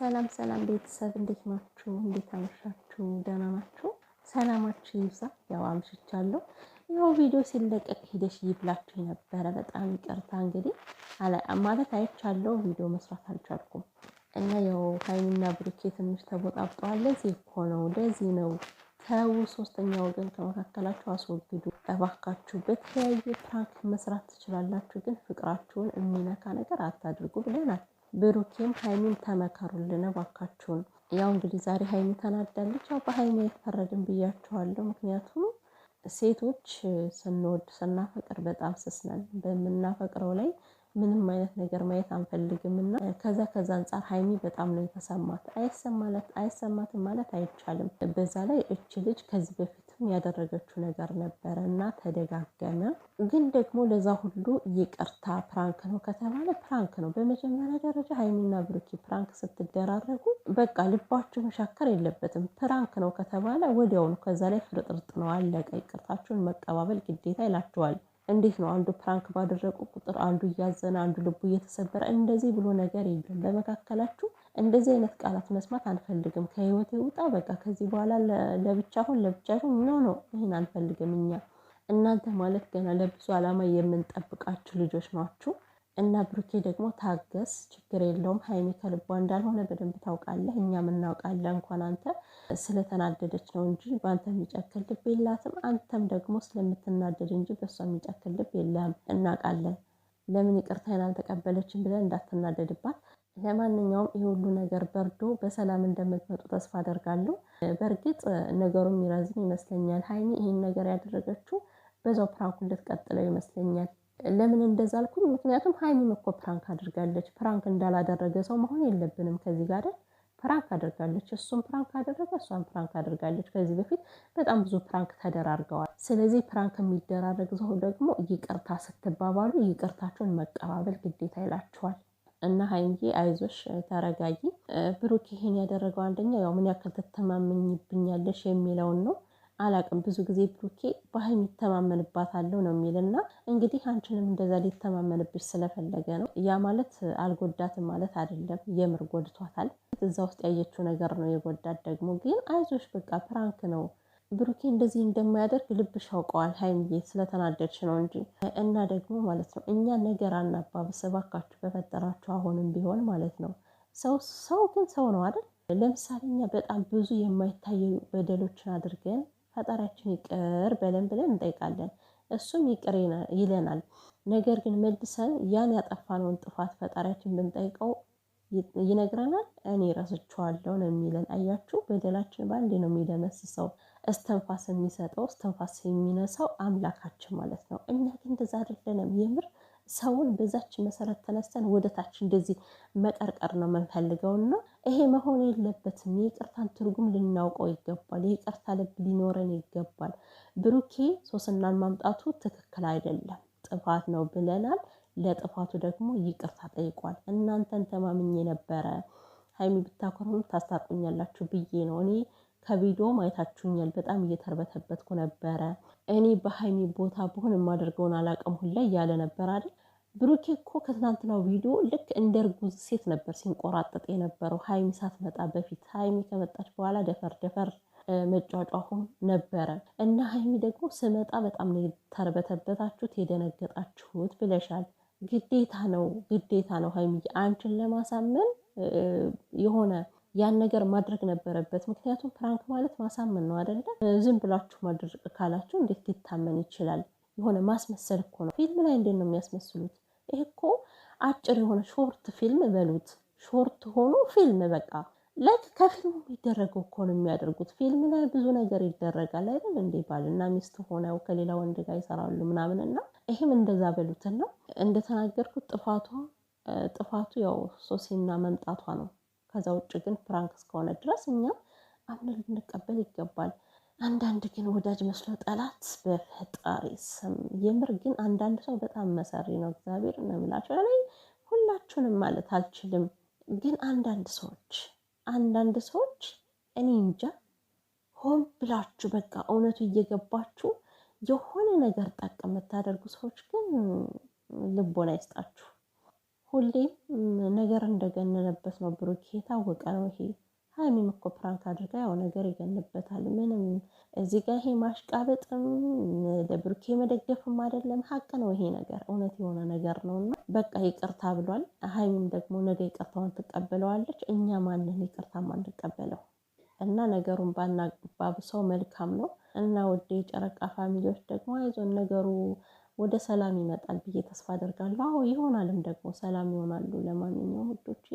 ሰላም ሰላም ቤተሰብ እንዴት ናችሁ? እንዴት አመሻችሁ? ደህና ናችሁ? ሰላማችሁ ይብዛ። ያው አምሽቻለሁ። ያው ቪዲዮ ሲለቀቅ ሂደሽ ይብላችሁ የነበረ በጣም ይቅርታ እንግዲህ ማለት አይቻለሁ፣ ቪዲዮ መስራት አልቻልኩም እና ያው ሀይሚና ብሩኬ ትንሽ ተቦጣብጠዋል። ለዚህ እኮ ነው ለዚህ ነው ተው፣ ሶስተኛ ወገን ከመካከላችሁ አስወግዱ እባካችሁ። በተለያየ ፕራንክ መስራት ትችላላችሁ፣ ግን ፍቅራችሁን የሚነካ ነገር አታድርጉ ብለናል። ብሩኬም ሀይሚም ተመከሩልን እባካችሁን። ያው እንግዲህ ዛሬ ሀይሚ ተናዳለች። ያው በሀይሚ አይፈረድም ብያችኋለሁ። ምክንያቱም ሴቶች ስንወድ ስናፈቅር በጣም ስስነን በምናፈቅረው ላይ ምንም አይነት ነገር ማየት አንፈልግም እና ከዛ ከዛ አንጻር ሀይሚ በጣም ነው የተሰማት። አይሰማትም ማለት አይቻልም። በዛ ላይ እች ልጅ ከዚህ በፊት ምክንያቱም ያደረገችው ነገር ነበረ እና ተደጋገመ። ግን ደግሞ ለዛ ሁሉ ይቅርታ ፕራንክ ነው ከተባለ ፕራንክ ነው። በመጀመሪያ ደረጃ ሀይሚና ብሩኪ ፕራንክ ስትደራረጉ በቃ ልባችሁ መሻከር የለበትም። ፕራንክ ነው ከተባለ ወዲያውኑ ከዛ ላይ ፍርጥርጥ ነው አለቀ። ይቅርታችሁን መቀባበል ግዴታ ይላችኋል። እንዴት ነው አንዱ ፕራንክ ባደረቁ ቁጥር አንዱ እያዘነ አንዱ ልቡ እየተሰበረ እንደዚህ ብሎ ነገር የለም። በመካከላችሁ እንደዚህ አይነት ቃላት መስማት አንፈልግም። ከህይወቴ ውጣ፣ በቃ ከዚህ በኋላ ለብቻ ሁን ለብቻ ነው ነው ይህን አንፈልግም። እኛ እናንተ ማለት ገና ለብዙ ዓላማ የምንጠብቃችሁ ልጆች ናችሁ። እና ብሩኬ ደግሞ ታገስ፣ ችግር የለውም። ሀይሚ ከልቧ እንዳልሆነ በደንብ ታውቃለህ፣ እኛም እናውቃለን። እንኳን አንተ ስለተናደደች ነው እንጂ በአንተ የሚጨክል ልብ የላትም። አንተም ደግሞ ስለምትናደድ እንጂ በእሷ የሚጨክል ልብ የለም፣ እናውቃለን። ለምን ይቅርታን አልተቀበለችም ብለን እንዳትናደድባት። ለማንኛውም ይህ ሁሉ ነገር በርዶ በሰላም እንደምትመጡ ተስፋ አደርጋለሁ። በእርግጥ ነገሩ የሚረዝም ይመስለኛል። ሀይሚ ይህን ነገር ያደረገችው በዛው ፕራንኩ እንድትቀጥለው ይመስለኛል። ለምን እንደዛ አልኩኝ? ምክንያቱም ሀይሚም እኮ ፕራንክ አድርጋለች። ፕራንክ እንዳላደረገ ሰው መሆን የለብንም ከዚህ ጋር ፕራንክ አድርጋለች። እሱም ፕራንክ አደረገ፣ እሷም ፕራንክ አድርጋለች። ከዚህ በፊት በጣም ብዙ ፕራንክ ተደራርገዋል። ስለዚህ ፕራንክ የሚደራረግ ሰው ደግሞ ይቅርታ ስትባባሉ ይቅርታቸውን መቀባበል ግዴታ ይላችኋል። እና ሀይሚዬ አይዞሽ፣ ተረጋጊ። ብሩክ ይሄን ያደረገው አንደኛ ያው ምን ያክል ትተማመኝብኛለሽ የሚለውን ነው አላቅም ብዙ ጊዜ ብሩኬ በሀይሚ ይተማመንባታለሁ ነው የሚልና እንግዲህ አንቺንም እንደዛ ሊተማመንብሽ ስለፈለገ ነው። ያ ማለት አልጎዳትም ማለት አይደለም። የምር ጎድቷታል። እዛ ውስጥ ያየችው ነገር ነው የጎዳት። ደግሞ ግን አይዞሽ በቃ ፕራንክ ነው ብሩኬ እንደዚህ እንደማያደርግ ልብሽ አውቀዋል ሀይሚዬ ስለተናደድሽ ነው እንጂ እና ደግሞ ማለት ነው እኛ ነገር አናባብስ እባካችሁ በፈጠራችሁ አሁንም ቢሆን ማለት ነው። ሰው ሰው ግን ሰው ነው አይደል? ለምሳሌ እኛ በጣም ብዙ የማይታየ በደሎችን አድርገን ፈጣሪያችን ይቅር በለን ብለን እንጠይቃለን። እሱም ይቅር ይለናል። ነገር ግን መልሰን ያን ያጠፋነውን ጥፋት ፈጣሪያችን ብንጠይቀው ይነግረናል። እኔ ረስቼዋለሁ ነው የሚለን። አያችሁ፣ በደላችን በአንድ ነው የሚደመስሰው። እስተንፋስ የሚሰጠው እስተንፋስ የሚነሳው አምላካችን ማለት ነው። እኛ ግን እንደዛ አይደለንም የምር ሰውን በዛች መሰረት ተነስተን ወደታች እንደዚህ መቀርቀር ነው የምንፈልገውና ይሄ መሆን የለበትም። የይቅርታን ትርጉም ልናውቀው ይገባል። የይቅርታ ልብ ሊኖረን ይገባል። ብሩኬ ሶስናን ማምጣቱ ትክክል አይደለም፣ ጥፋት ነው ብለናል። ለጥፋቱ ደግሞ ይቅርታ ጠይቋል። እናንተን ተማምኜ ነበረ ሀይሚ ብታኮርኑ ታስታርቁኛላችሁ ብዬ ነው እኔ ከቪዲዮ ማየታችሁኛል። በጣም እየተርበተበትኩ ነበረ። እኔ በሀይሚ ቦታ ብሆን የማደርገውን አላቀም ሁላ እያለ ነበር አይደል? ብሩኬ እኮ ከትናንትናው ቪዲዮ ልክ እንደ እርጉዝ ሴት ነበር ሲንቆራጠጥ የነበረው። ሀይሚ ሳትመጣ በፊት ሀይሚ ከመጣች በኋላ ደፈር ደፈር መጫጫሁም ነበረ እና ሀይሚ ደግሞ ስመጣ በጣም ነው የተርበተበታችሁት የደነገጣችሁት ብለሻል። ግዴታ ነው ግዴታ ነው ሀይሚ አንቺን ለማሳመን የሆነ ያን ነገር ማድረግ ነበረበት። ምክንያቱም ፕራንክ ማለት ማሳመን ነው አደለ? ዝም ብላችሁ ማድረግ ካላችሁ እንዴት ሊታመን ይችላል? የሆነ ማስመሰል እኮ ነው። ፊልም ላይ እንዴት ነው የሚያስመስሉት? ይህ እኮ አጭር የሆነ ሾርት ፊልም በሉት፣ ሾርት ሆኖ ፊልም በቃ ላይክ ከፊልሙ የሚደረገው እኮ ነው የሚያደርጉት። ፊልም ላይ ብዙ ነገር ይደረጋል አይደል እንዴ? ባልና ሚስት ሆነው ከሌላ ወንድ ጋር ይሰራሉ ምናምን እና ይህም እንደዛ በሉትና እንደተናገርኩት ጥፋቷ ጥፋቱ ያው ሶሲና መምጣቷ ነው። ከዛ ውጭ ግን ፕራንክ እስከሆነ ድረስ እኛ አምነን ልንቀበል ይገባል። አንዳንድ ግን ወዳጅ መስሎ ጠላት። በፈጣሪ ስም የምር ግን አንዳንድ ሰው በጣም መሰሪ ነው። እግዚአብሔር እምላቸው ላይ ሁላችሁንም ማለት አልችልም፣ ግን አንዳንድ ሰዎች አንዳንድ ሰዎች እኔ እንጃ ሆን ብላችሁ በቃ እውነቱ እየገባችሁ የሆነ ነገር ጠቅ የምታደርጉ ሰዎች ግን ልቦና ይስጣችሁ። ሁሌም ነገር እንደገነነበት ነው። ብሩክ የታወቀ ነው ይሄ። ሀይሚም እኮ ፕራንክ አድርጋ ያው ነገር ይገንበታል። ምንም እዚህ ጋር ይሄ ማሽቃበጥም ለብሩኬ መደገፍም አይደለም፣ ሀቅ ነው ይሄ ነገር፣ እውነት የሆነ ነገር ነው። እና በቃ ይቅርታ ብሏል። ሀይሚም ደግሞ ነገ ይቅርታውን ትቀበለዋለች። እኛ ማንን ይቅርታ ማንቀበለው እና ነገሩን ሰው መልካም ነው። እና ወደ የጨረቃ ፋሚሊዎች ደግሞ አይዞን ነገሩ ወደ ሰላም ይመጣል ብዬ ተስፋ አደርጋለሁ። አዎ ይሆናልም ደግሞ ሰላም ይሆናሉ። ለማንኛውም ውዶቼ